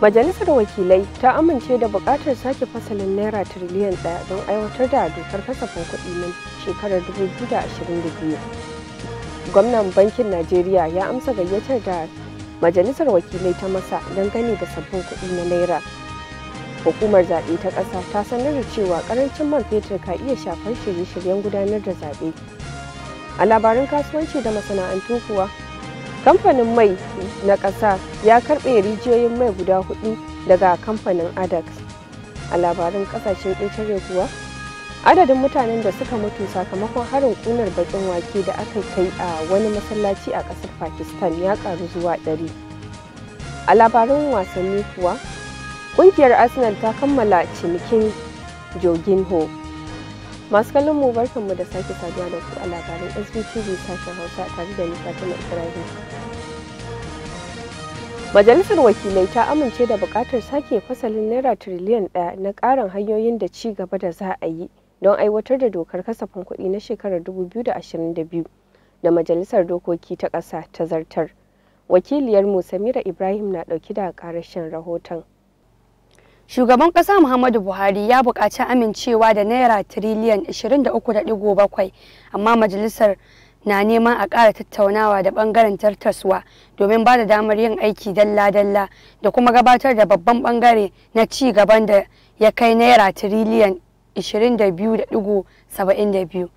Majalisar Wakilai ta amince da buƙatar sake fasalin Naira tiriliyan ɗaya don aiwatar da dokar kasafin kuɗi na shekarar 2022. Gwamnan Bankin Najeriya ya amsa gayyatar da Majalisar Wakilai ta masa don gani da sabbin kuɗi na Naira. hukumar zaɓe ta ƙasa ta sanar da cewa ƙarancin man fetur ka iya shafar shirye-shiryen gudanar da zaɓe a labarin kasuwanci da masana'antu kuwa kamfanin mai na ƙasa ya karɓe rijiyoyin mai guda hudu daga kamfanin adax a labarin ƙasashen ƙetare kuwa adadin mutanen da suka mutu sakamakon harin ƙunar baƙin wake da aka kai a wani masallaci a ƙasar pakistan ya ƙaru zuwa ɗari a labarin wasanni kuwa Ƙungiyar Arsenal ta kammala cinikin joginho Masu kallon mu barkanmu da sake saduwa da ku a labarin SBTV sashen Hausa tare da Fatima Ibrahim. Majalisar Wakilai ta amince da bukatar sake fasalin Naira tiriliyan ɗaya na ƙarin hanyoyin da ci gaba da za a yi don aiwatar da dokar kasafin kuɗi na shekarar 2022 da Majalisar Dokoki ta ƙasa ta zartar. Wakiliyar samira Ibrahim na ɗauki da ƙarashin rahoton. Shugaban ƙasa Muhammadu Buhari ya buƙaci amincewa da Naira tiriliyan 23.7 amma majalisar na neman a ƙara tattaunawa da ɓangaren tartaswa domin ba da damar yin aiki dalla-dalla da kuma gabatar da babban ɓangare na ci gaban da ya kai naira tiriliyan 22.72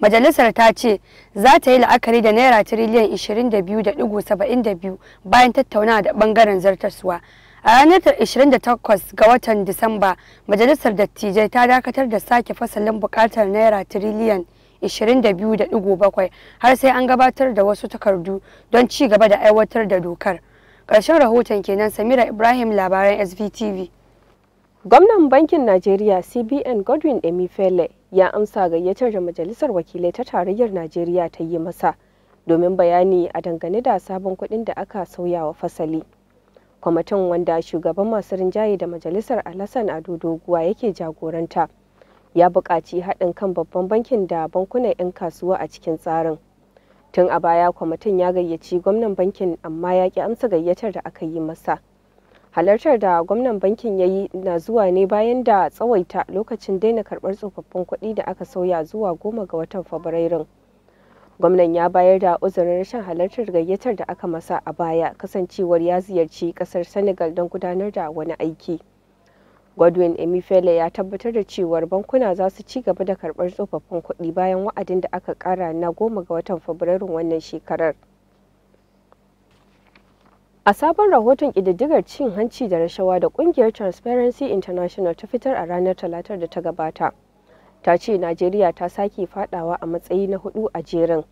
majalisar ta ce za ta yi la'akari da naira tiriliyan 22.72 bayan tattaunawa da ɓangaren zartaswa A ranar 28 ga watan Disamba, Majalisar Dattijai ta dakatar da sake fasalin bukatar Naira tiriliyan 22.7 har sai an gabatar da wasu takardu don ci gaba da aiwatar da dokar. Ƙarshen rahoton kenan Samira Ibrahim labaran SVTV. Gwamnan Bankin Najeriya CBN Godwin Emifele ya amsa gayyatar da Majalisar Wakilai ta Tarayyar Najeriya ta yi masa domin bayani a dangane da sabon kuɗin da aka sauya wa fasali. kwamitin wanda shugaban masu rinjaye da majalisar alasan ado doguwa yake jagoranta ya buƙaci haɗin kan babban bankin da bankunan 'yan kasuwa a cikin tsarin tun a baya kwamitin ya gayyaci gwamnan bankin amma ya ki amsa gayyatar da aka yi masa halartar da gwamnan bankin ya yi na zuwa ne bayan da tsawaita lokacin daina karɓar tsofaffin kuɗi da aka sauya zuwa goma ga watan fabrairun gwamnan ya bayar da uzurin rashin halartar gayyatar da aka masa a baya kasancewar ya ziyarci kasar senegal don gudanar da wani aiki godwin emifele ya tabbatar da cewar bankuna za su ci gaba da karbar tsofaffin kuɗi bayan wa'adin da aka kara na goma ga watan fabrairun wannan shekarar a sabon rahoton ƙididdigar cin hanci da rashawa da ƙungiyar transparency international ta fitar a ranar talatar da ta gabata ta ce najeriya ta sake fadawa a matsayi na hudu a jerin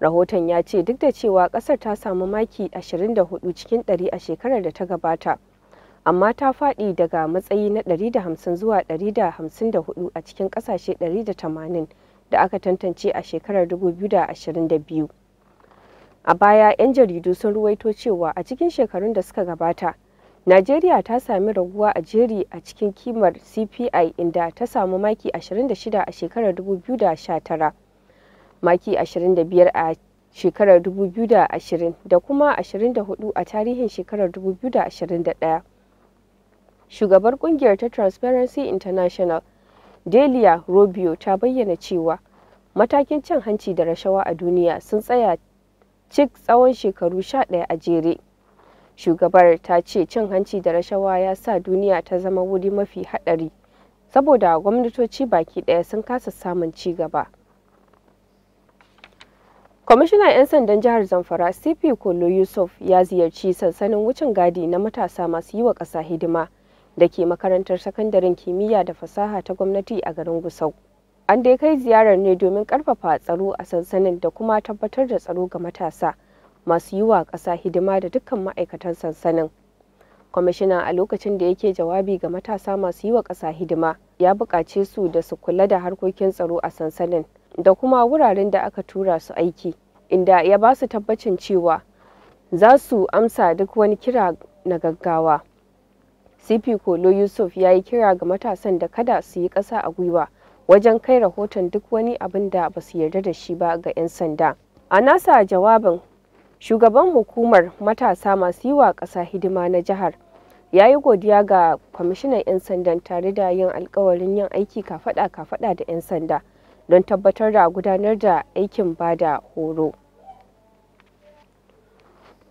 rahoton ya ce duk da cewa kasar ta samu maki 24 cikin 100 a shekarar da ta gabata amma ta fadi daga matsayi na 150 zuwa 154 a cikin kasashe 180 da aka tantance a shekarar 2022 a baya 'yan jaridu sun ruwaito cewa a cikin shekarun da suka gabata Najeriya ta sami raguwa a jeri a cikin kimar CPI inda ta samu maki 26 a shekarar 2019, maki 25 a shekarar 2020 da kuma 24 a tarihin shekarar 2021. Shugabar kungiyar ta Transparency International, Delia Rubio ta bayyana cewa matakin cin hanci da rashawa a duniya sun tsaya cik tsawon shekaru 11 a jere. shugabar ta ce cin hanci da rashawa ya sa duniya ta zama wuri mafi hadari saboda gwamnatoci baki daya sun kasa samun ci gaba kwamishinan 'yan sandan jihar zamfara cp kolo yusuf ya ziyarci sansanin wucin gadi na matasa masu yi wa ƙasa hidima da ke makarantar sakandaren kimiyya da fasaha ta gwamnati a garin gusau an dai kai ziyarar ne domin karfafa tsaro a sansanin da kuma tabbatar da tsaro ga matasa masu yi wa ƙasa hidima da dukkan ma'aikatan sansanin kwamishinan a lokacin da yake jawabi ga matasa masu yi wa ƙasa hidima ya buƙace su da su kula da harkokin tsaro a sansanin da kuma wuraren da aka tura su aiki inda ya ba su tabbacin cewa za su amsa duk wani kira na gaggawa cp kolo yusuf ya yi kira ga matasan da kada su yi ƙasa a gwiwa wajen kai rahoton duk wani abin da ba su yarda da shi ba ga 'yan sanda a nasa jawabin shugaban hukumar matasa masu yi wa ƙasa hidima na jihar ya yi godiya ga kwamishinan 'yan sandan tare da yin alkawarin yin aiki kafada-kafada da 'yan sanda don tabbatar da gudanar da aikin bada horo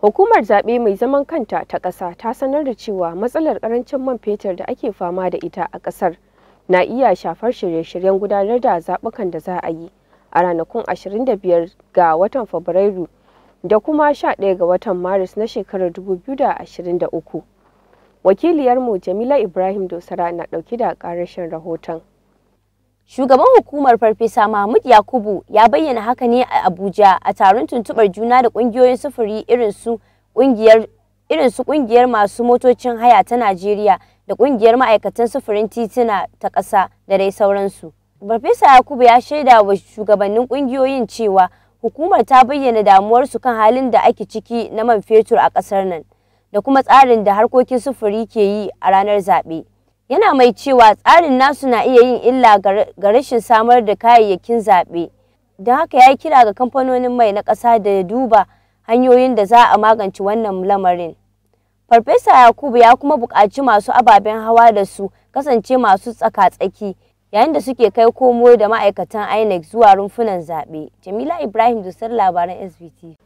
hukumar zaɓe mai zaman kanta ta ƙasa ta sanar da cewa matsalar ƙarancin man fetur da ake fama da ita a ƙasar na iya shafar shirye-shiryen gudanar da zaɓukan da za a yi a ranakun 25 ga watan fabrairu da kuma 11 ga watan maris na shekarar 2023 wakiliyarmu jamila ibrahim dosara na ɗauki da ƙarashin rahoton Shugaban hukumar Farfesa Mahmud Yakubu ya bayyana haka ne a Abuja a taron tuntubar juna da ƙungiyoyin sufuri irin su kungiyar masu motocin haya ta Najeriya da ƙungiyar ma'aikatan sufurin tituna ta ƙasa da dai sauransu. Farfesa Yakubu ya shaida wa shugabannin ƙungiyoyin cewa Hukumar ta bayyana damuwarsu kan halin da ake ciki na man fetur a ƙasar nan da kuma tsarin da harkokin sufuri ke yi a ranar zaɓe. Yana mai cewa tsarin nasu na iya yin illa ga rashin samar da kayayyakin zaɓe. Don haka ya yi kira ga kamfanonin mai na ƙasa da ya duba hanyoyin da za a magance wannan lamarin. Farfesa Yakubu ya kuma buƙaci masu ababen hawa da su kasance masu tsaka-tsaki yayin da suke kai komo da ma'aikatan INEC zuwa rumfunan zaɓe. Jamila Ibrahim Dusar labaran SBT.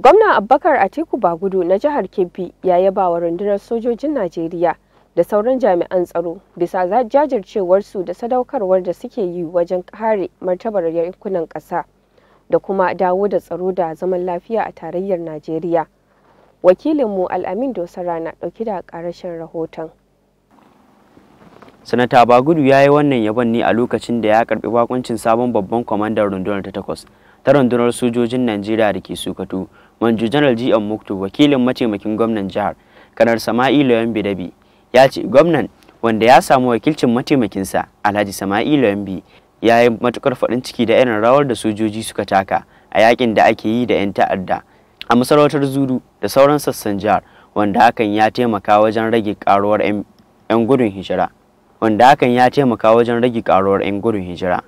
Gwamna Abubakar Atiku Bagudu na jihar Kebbi ya yaba wa rundunar sojojin Najeriya da sauran jami'an tsaro bisa jajircewarsu da sadaukarwar da suke yi wajen kare martabar yankunan ƙasa da kuma dawo da tsaro da zaman lafiya a tarayyar Najeriya. Wakilinmu Al'amin Dosara na ɗauki da ƙarashin rahoton. sanata gudu ya yi wannan yabon ne a lokacin da ya karbi bakuncin sabon babban kwamandan rundunar ta takwas ta rundunar sojojin najeriya da ke sukatu manju janar gm muktu wakilin mataimakin gwamnan jihar kanar sama'ilu yambi dabi ya ce gwamnan wanda ya samu wakilcin mataimakinsa alhaji sama'ilu yambi ya yi matukar farin ciki da irin rawar da sojoji suka taka a yakin da ake yi da 'yan ta'adda a masarautar zudu da sauran sassan jihar wanda hakan ya taimaka wajen rage karuwar 'yan gudun hijira wanda hakan ya taimaka wajen rage karuwar 'yan gudun hijira.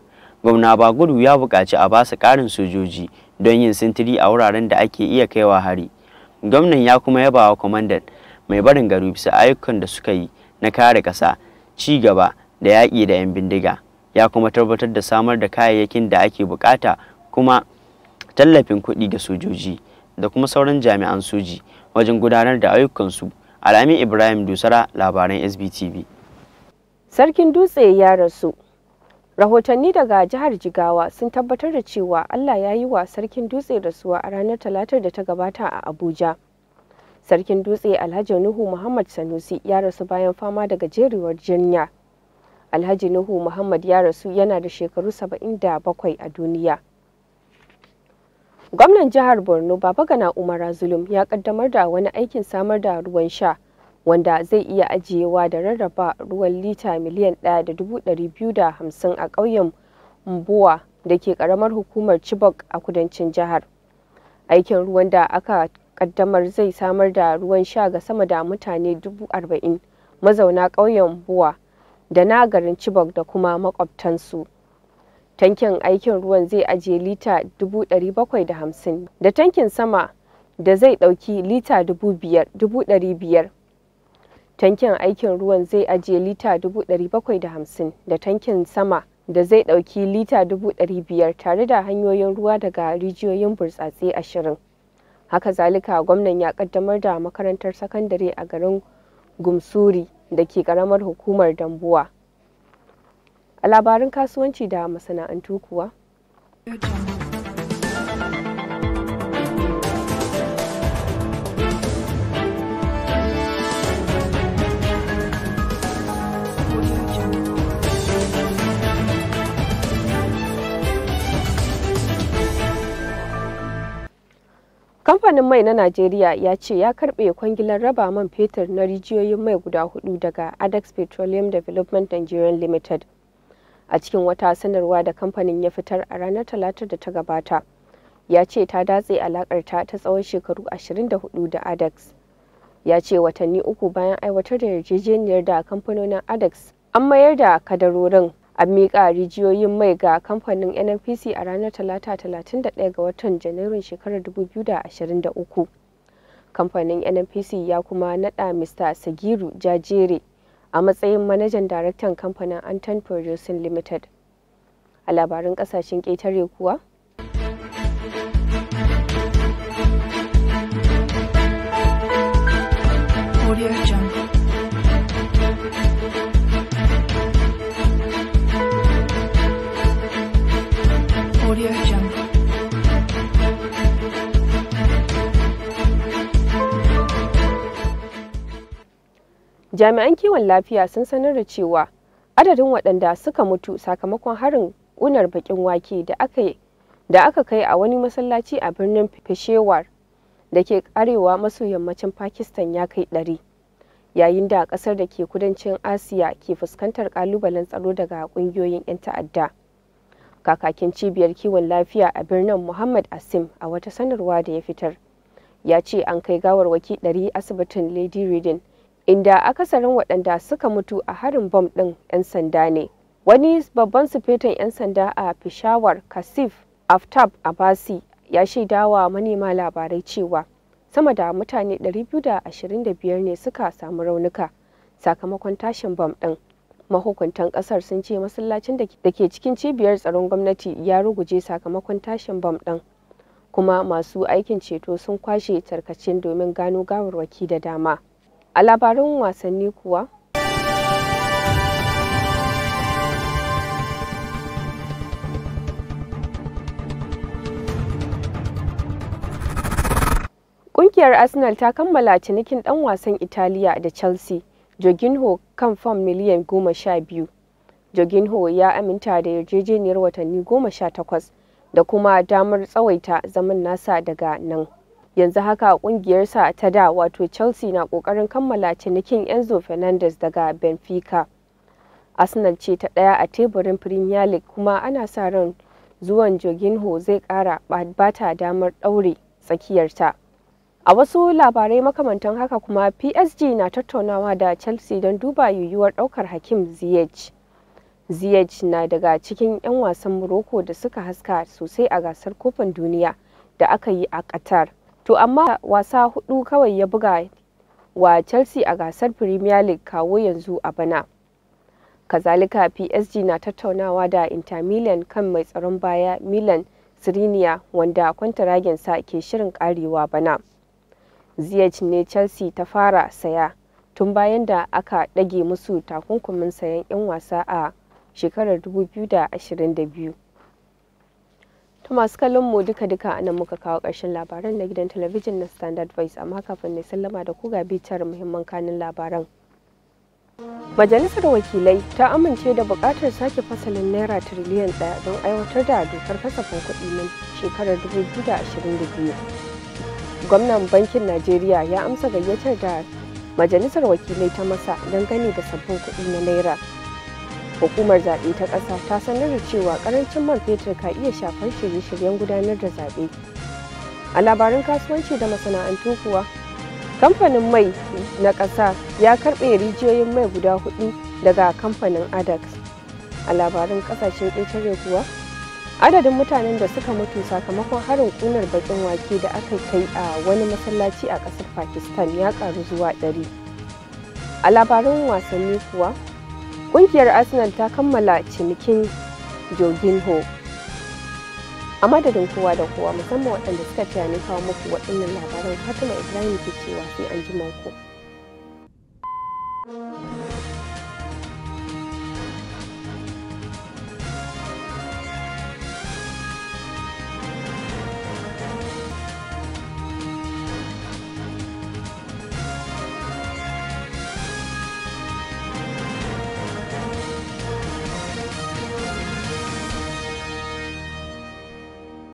Gwamna ba gudu ya buƙaci a basu ƙarin sojoji don yin sintiri a wuraren da ake iya kaiwa hari. Gwamnan ya kuma yaba wa kwamandan mai barin gari bisa ayyukan da suka yi na kare ƙasa, ci gaba da yaƙi da 'yan bindiga. Ya kuma tabbatar da samar da kayayyakin da ake buƙata kuma tallafin kuɗi ga sojoji da kuma sauran jami'an soji wajen gudanar da ayyukansu. Alami Ibrahim Dusara labaran SBTV. Sarkin dutse ya rasu. Rahotanni daga jihar Jigawa sun tabbatar da cewa Allah ya yi wa sarkin dutse rasuwa a ranar talatar da ta gabata a Abuja. Sarkin dutse Alhaji Nuhu Muhammad Sanusi ya rasu bayan fama da gajeruwar jinya. Alhaji Nuhu Muhammad ya rasu yana da shekaru saba'in da bakwai a duniya. Gwamnan jihar Borno Baba Gana Umar Zulum ya kaddamar da wani aikin samar da ruwan sha. wanda zai iya ajiyewa da rarraba ruwan lita miliyan 1,250 a ƙauyen mbuwa da ke ƙaramar hukumar chibok a kudancin jihar aikin ruwan da aka kaddamar zai samar da ruwan sha ga sama da mutane 40,000 mazauna ƙauyen buwa da na garin chibok da kuma makwabtansu tankin aikin ruwan zai ajiye lita 750 da tankin sama da zai ɗauki lita 5,500 tankin aikin ruwan zai ajiye lita 750 da tankin sama da zai ɗauki lita 500 tare da hanyoyin ruwa daga rijiyoyin burtsatse ashirin haka zalika gwamnan ya kaddamar da makarantar sakandare a garin gumsuri da ke karamar hukumar dambuwa a labarin kasuwanci da masana'antu kuwa kamfanin mai na najeriya ya ce ya karbe kwangilar raba man fetur na rijiyoyin mai guda hudu daga adex petroleum development nigerian limited a cikin wata sanarwa da kamfanin ya fitar a ranar talatar da ta gabata ya ce ta datse alakar ta ta tsawon shekaru 24 da adex ya ce watanni uku bayan aiwatar da yarjejeniyar da kamfanonin adex an mayar da kadarorin an miƙa rijiyoyin mai ga kamfanin nnpc a ranar talata 31 ga watan janairun shekarar 2023 kamfanin nnpc ya kuma nada mr sagiru jajere a matsayin manajan daraktan kamfanin anton producing limited a labarin kasashen ƙetare kuwa jami'an kiwon lafiya sun sanar da cewa adadin waɗanda suka mutu sakamakon harin unar bakin wake da aka kai a wani masallaci a birnin peshawar da ke arewa maso yammacin pakistan ya kai ɗari yayin da ƙasar da ke kudancin asiya ke fuskantar ƙalubalen tsaro daga ƙungiyoyin 'yan ta'adda kakakin cibiyar kiwon lafiya a birnin muhammad asim a wata sanarwa da ya fitar ya ce an kai gawarwaki ɗari asibitin lady reading inda akasarin waɗanda suka mutu a harin bom ɗin 'yan sanda ne. Wani babban sufetan 'yan sanda a Peshawar Kasif Aftab Abasi ya shaidawa manema labarai cewa sama da mutane 225 ne suka samu raunuka sakamakon tashin bom ɗin. Mahukuntan ƙasar sun ce masallacin da ke cikin cibiyar tsaron gwamnati ya ruguje sakamakon tashin bom ɗin. Kuma masu aikin ceto sun kwashe tarkacin domin gano gawarwaki da dama. A labarin wasanni kuwa, Ƙungiyar Arsenal ta kammala cinikin ɗan wasan Italiya da Chelsea, Jorginho kan fam miliyan goma sha biyu. Jorginho ya aminta da yarjejeniyar watanni goma sha takwas da kuma damar tsawaita zaman nasa daga nan. yanzu haka kungiyarsa ta da wato chelsea na kokarin kammala cinikin enzo fernandez daga benfica arsenal ce ta daya a teburin premier league kuma ana sa ran zuwan ho zai kara bata damar daure tsakiyarta a wasu labarai makamantan haka kuma psg na tattaunawa da chelsea don duba yiwuwar daukar hakim ziyech ziyech na daga cikin 'yan wasan morocco da suka haska sosai a gasar kofin duniya da aka yi a qatar to amma wasa hudu kawai ya buga wa chelsea a gasar premier league kawo yanzu a bana kazalika psg na tattaunawa da inter milan kan mai tsaron baya milan siriniya wanda sa ke shirin karewa bana ziyarci ne chelsea ta fara saya tun bayan da aka dage musu takunkumin sayan 'yan wasa a shekarar 2022 ta masu kallon mu duka duka anan muka kawo ƙarshen labaran na gidan talabijin na standard voice amma kafin ne sallama da kuga ga bitar muhimman kanin labaran majalisar wakilai ta amince da buƙatar sake fasalin naira tiriliyan ɗaya don aiwatar da dokar kasafin kuɗi na shekarar 2022 gwamnan bankin najeriya ya amsa gayyatar da majalisar wakilai ta masa don gani da sabbin kuɗi na naira hukumar zaɓe ta ƙasa ta sanar da cewa ƙarancin man fetur ka iya shafar shirye-shiryen gudanar da zaɓe a labarin kasuwanci da masana'antu kuwa kamfanin mai na ƙasa ya karɓe rijiyoyin mai guda hudu daga kamfanin adax a labarin ƙasashen ƙetare kuwa adadin mutanen da suka mutu sakamakon harin ƙunar baƙin wake da aka kai a wani masallaci a ƙasar pakistan ya ƙaru zuwa ɗari a labarin wasanni kuwa Ƙungiyar Arsenal ta kammala cinikin joginho A madadin kowa da kowa musamman waɗanda suka taya ni kawo muku waɗannan labaran Fatima Ibrahim ke cewa sai an ji ku.